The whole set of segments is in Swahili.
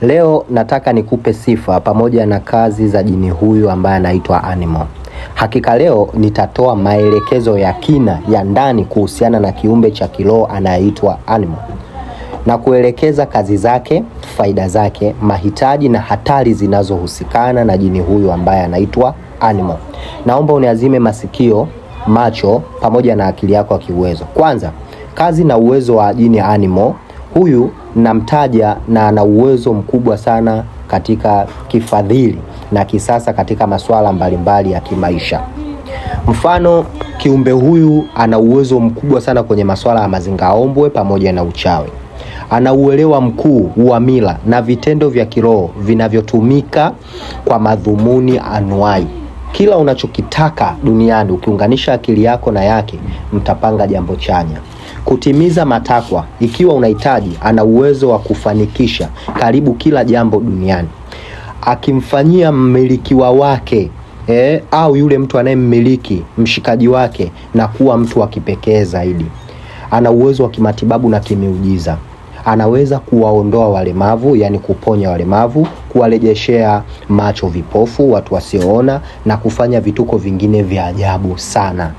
Leo nataka nikupe sifa pamoja na kazi za jini huyu ambaye anaitwa Animal. Hakika leo nitatoa maelekezo ya kina ya ndani kuhusiana na kiumbe cha kiroho anayeitwa Animal na kuelekeza kazi zake, faida zake, mahitaji na hatari zinazohusikana na jini huyu ambaye anaitwa Animal. Naomba uniazime masikio, macho pamoja na akili yako ya kiuwezo. Kwanza, kazi na uwezo wa jini Animal huyu namtaja na ana uwezo mkubwa sana katika kifadhili na kisasa katika masuala mbalimbali ya kimaisha. Mfano, kiumbe huyu ana uwezo mkubwa sana kwenye masuala ya mazingaombwe pamoja na uchawi. Ana uelewa mkuu wa mila na vitendo vya kiroho vinavyotumika kwa madhumuni anuai. Kila unachokitaka duniani, ukiunganisha akili yako na yake, mtapanga jambo chanya kutimiza matakwa, ikiwa unahitaji, ana uwezo wa kufanikisha karibu kila jambo duniani, akimfanyia mmilikiwa wake eh, au yule mtu anayemmiliki mshikaji wake na kuwa mtu wa kipekee zaidi. Ana uwezo wa kimatibabu na kimiujiza anaweza kuwaondoa walemavu, yani kuponya walemavu, kuwarejeshea macho vipofu, watu wasioona na kufanya vituko vingine vya ajabu sana.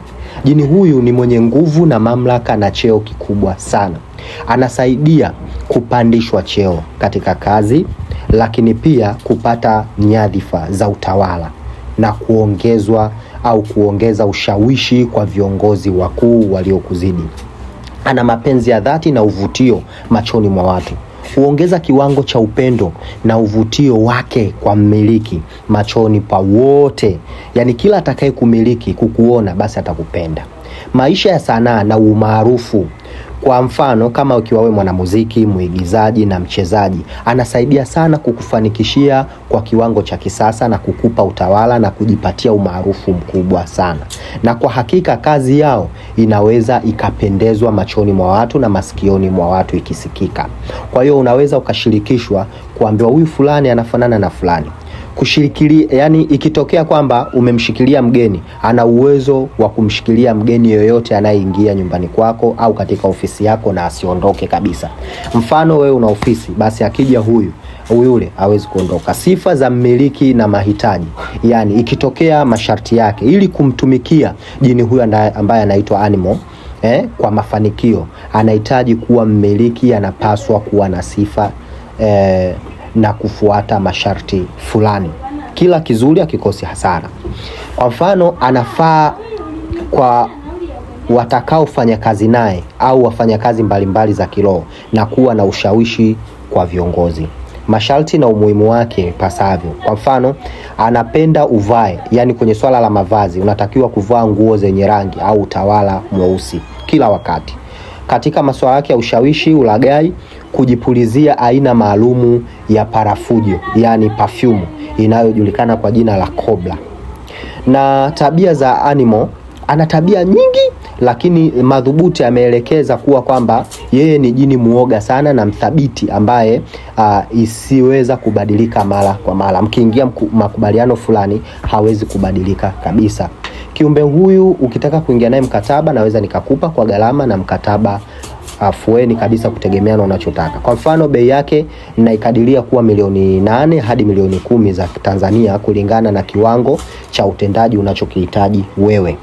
Jini huyu ni mwenye nguvu na mamlaka na cheo kikubwa sana. Anasaidia kupandishwa cheo katika kazi, lakini pia kupata nyadhifa za utawala na kuongezwa au kuongeza ushawishi kwa viongozi wakuu waliokuzidi. Ana mapenzi ya dhati na uvutio machoni mwa watu huongeza kiwango cha upendo na uvutio wake kwa mmiliki machoni pa wote. Yaani kila atakaye kumiliki kukuona, basi atakupenda. Maisha ya sanaa na umaarufu kwa mfano kama ukiwa wewe mwanamuziki, mwigizaji na mchezaji, anasaidia sana kukufanikishia kwa kiwango cha kisasa na kukupa utawala na kujipatia umaarufu mkubwa sana, na kwa hakika kazi yao inaweza ikapendezwa machoni mwa watu na masikioni mwa watu ikisikika. Kwa hiyo unaweza ukashirikishwa kuambiwa, huyu fulani anafanana na fulani kushirikilia, yani ikitokea kwamba umemshikilia mgeni, ana uwezo wa kumshikilia mgeni yoyote anayeingia nyumbani kwako au katika ofisi yako na asiondoke kabisa. Mfano wewe una ofisi, basi akija huyu yule hawezi kuondoka. Sifa za mmiliki na mahitaji, yani ikitokea masharti yake, ili kumtumikia jini huyu ambaye anaitwa animal eh, kwa mafanikio anahitaji kuwa mmiliki, anapaswa kuwa na sifa eh, na kufuata masharti fulani. Kila kizuri hakikosi hasara. Kwa mfano, anafaa kwa watakaofanya kazi naye au wafanyakazi mbalimbali za kiroho na kuwa na ushawishi kwa viongozi. Masharti na umuhimu wake pasavyo. Kwa mfano, anapenda uvae, yani kwenye swala la mavazi unatakiwa kuvaa nguo zenye rangi au utawala mweusi kila wakati katika masuala yake ya ushawishi, ulagai kujipulizia aina maalumu ya parafujo, yani perfume inayojulikana kwa jina la Cobra. Na tabia za Animal, ana tabia nyingi lakini madhubuti ameelekeza kuwa kwamba yeye ni jini muoga sana na mthabiti ambaye uh, isiweza kubadilika mara kwa mara. Mkiingia makubaliano fulani hawezi kubadilika kabisa. Kiumbe huyu ukitaka kuingia naye mkataba, naweza nikakupa kwa gharama na mkataba uh, afueni kabisa, kutegemea na unachotaka. Kwa mfano, bei yake naikadiria kuwa milioni nane hadi milioni kumi za Tanzania kulingana na kiwango cha utendaji unachokihitaji wewe.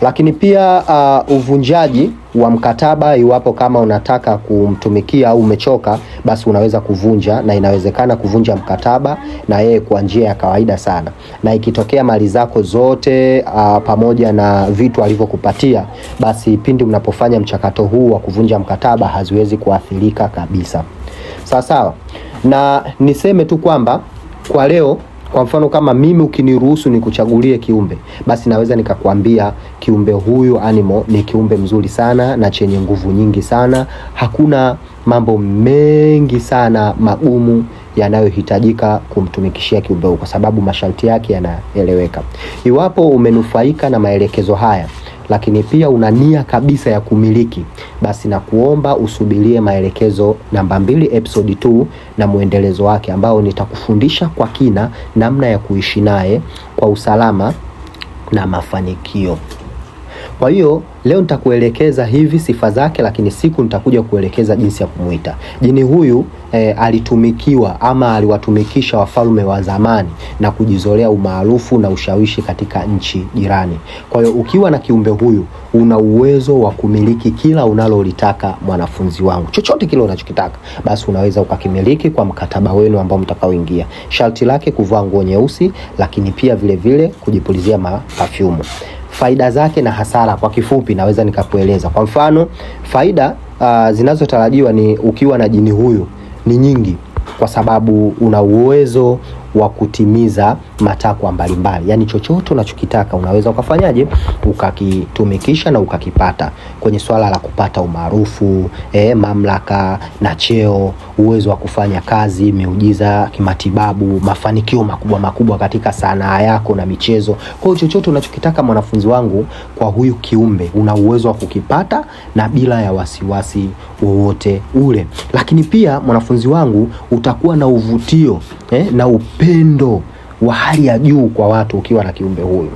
Lakini pia uh, uvunjaji wa mkataba, iwapo kama unataka kumtumikia au umechoka, basi unaweza kuvunja, na inawezekana kuvunja mkataba na yeye kwa njia ya kawaida sana, na ikitokea mali zako zote a, ah, pamoja na vitu alivyokupatia, basi pindi mnapofanya mchakato huu wa kuvunja mkataba haziwezi kuathirika kabisa. Sawa sawa, na niseme tu kwamba kwa leo kwa mfano kama mimi ukiniruhusu nikuchagulie kiumbe, basi naweza nikakwambia kiumbe huyu animal ni kiumbe mzuri sana na chenye nguvu nyingi sana, hakuna mambo mengi sana magumu yanayohitajika kumtumikishia kiumbe huyu, kwa sababu masharti yake yanaeleweka. Iwapo umenufaika na maelekezo haya lakini pia una nia kabisa ya kumiliki, basi na kuomba usubirie maelekezo namba mbili episode 2 na mwendelezo wake ambao nitakufundisha kwa kina namna ya kuishi naye kwa usalama na mafanikio. Kwa hiyo leo nitakuelekeza hivi sifa zake, lakini siku nitakuja kuelekeza jinsi ya kumwita jini huyu. E, alitumikiwa ama aliwatumikisha wafalme wa zamani na kujizolea umaarufu na ushawishi katika nchi jirani. Kwa hiyo ukiwa na kiumbe huyu una uwezo wa kumiliki kila unalolitaka, mwanafunzi wangu, chochote kile unachokitaka basi unaweza ukakimiliki kwa mkataba wenu ambao mtakaoingia. Sharti lake kuvaa nguo nyeusi, lakini pia vilevile vile kujipulizia mapafyumu faida zake na hasara kwa kifupi naweza nikakueleza. Kwa mfano, faida uh, zinazotarajiwa ni ukiwa na jini huyu ni nyingi, kwa sababu una uwezo wa kutimiza matakwa mbalimbali, yaani chochote unachokitaka unaweza ukafanyaje ukakitumikisha na ukakipata kwenye swala la kupata umaarufu eh, mamlaka na cheo, uwezo wa kufanya kazi, miujiza kimatibabu, mafanikio makubwa makubwa katika sanaa yako na michezo. Kwa hiyo chochote unachokitaka mwanafunzi wangu, kwa huyu kiumbe una uwezo wa kukipata na bila ya wasiwasi wowote ule, lakini pia mwanafunzi wangu utakuwa na uvutio eh, na upe upendo wa hali ya juu kwa watu ukiwa na kiumbe huyu.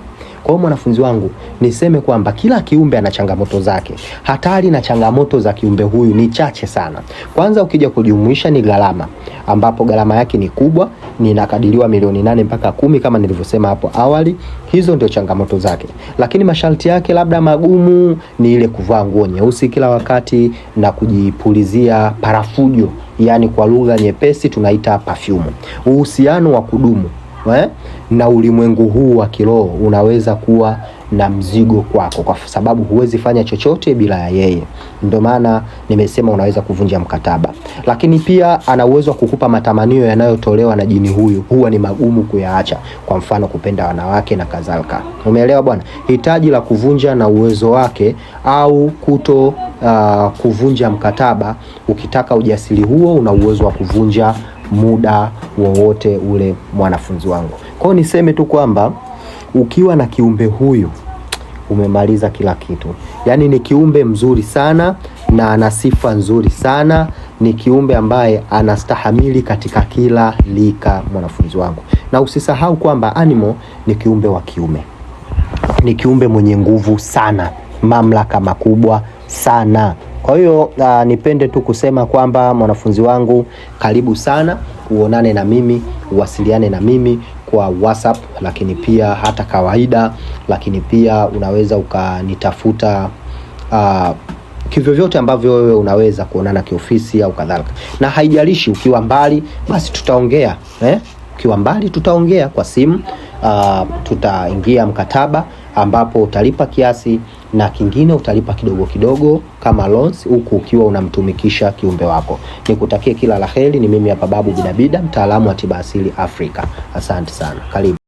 Kwa hiyo mwanafunzi wangu, niseme kwamba kila kiumbe ana changamoto zake. Hatari na changamoto za kiumbe huyu ni chache sana. Kwanza ukija kujumuisha ni gharama, ambapo gharama yake ni kubwa, ninakadiriwa milioni nane mpaka kumi kama nilivyosema hapo awali. Hizo ndio changamoto zake, lakini masharti yake labda magumu ni ile kuvaa nguo nyeusi kila wakati na kujipulizia parafujo, yani kwa lugha nyepesi tunaita perfume. Uhusiano wa kudumu eh? na ulimwengu huu wa kiroho unaweza kuwa na mzigo kwako, kwa sababu huwezi fanya chochote bila ya yeye. Ndio maana nimesema unaweza kuvunja mkataba, lakini pia ana uwezo wa kukupa matamanio yanayotolewa na jini huyu, huwa ni magumu kuyaacha, kwa mfano kupenda wanawake na kadhalika. Umeelewa bwana? Hitaji la kuvunja na uwezo wake au kuto uh, kuvunja mkataba. Ukitaka ujasiri huo, una uwezo wa kuvunja muda wowote ule, mwanafunzi wangu. Kwa niseme tu kwamba ukiwa na kiumbe huyu umemaliza kila kitu. Yaani ni kiumbe mzuri sana na ana sifa nzuri sana, ni kiumbe ambaye anastahamili katika kila lika, mwanafunzi wangu. Na usisahau kwamba animo ni kiumbe wa kiume, ni kiumbe mwenye nguvu sana, mamlaka makubwa sana. Kwa hiyo uh, nipende tu kusema kwamba mwanafunzi wangu, karibu sana, uonane na mimi, uwasiliane na mimi kwa WhatsApp, lakini pia hata kawaida, lakini pia unaweza ukanitafuta uh, ah, kivyo vyote ambavyo wewe unaweza kuonana kiofisi au kadhalika, na haijalishi ukiwa mbali, basi tutaongea eh? Ukiwa mbali tutaongea kwa simu uh, tutaingia mkataba ambapo utalipa kiasi na kingine utalipa kidogo kidogo kama loans, huku ukiwa unamtumikisha kiumbe wako. Nikutakie kila la heri. Ni mimi hapa Babu Bidabida, mtaalamu wa tiba asili Afrika. Asante sana, karibu.